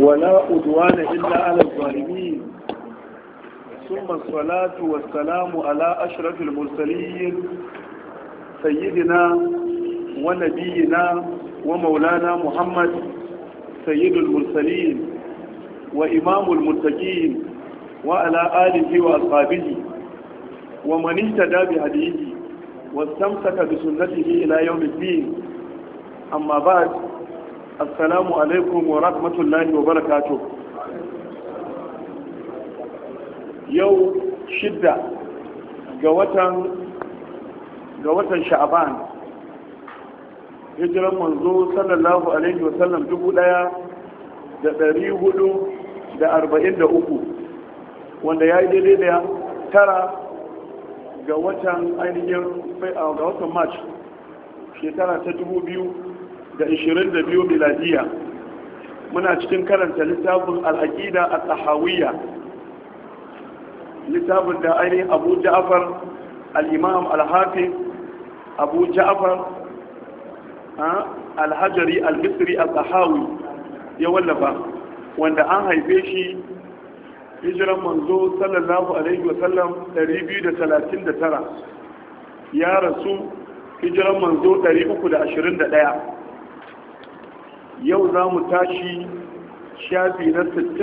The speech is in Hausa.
ولا أدوان إلا على الظالمين ثم الصلاة والسلام على أشرف المرسلين سيدنا ونبينا ومولانا محمد سيد المرسلين وإمام المتقين وعلى آله وأصحابه ومن اهتدى بهديه واستمسك بسنته إلى يوم الدين أما بعد assalamu alaikum wa rahmatullahi wa barakatuh yau shidda ga watan ga watan sha'aban hijiran manzo sallallahu alaihi wa sallam dubu daya da dari hudu da arba'in da uku wanda ya yi daidai da tara ga watan ainihin ga watan march shekara ta dubu biyu da 22 miladiya muna cikin karanta littafin al'aqida a tahawiyya littafin da aini abu ja'afar al'imam al-hafi abu ja'afar al al-misri al-tahawi ya wallafa wanda an haife shi hijiran manzo sallallahu alaihi wasallam 239 ya rasu hijiran manzo 321 yau za mu tashi shafi na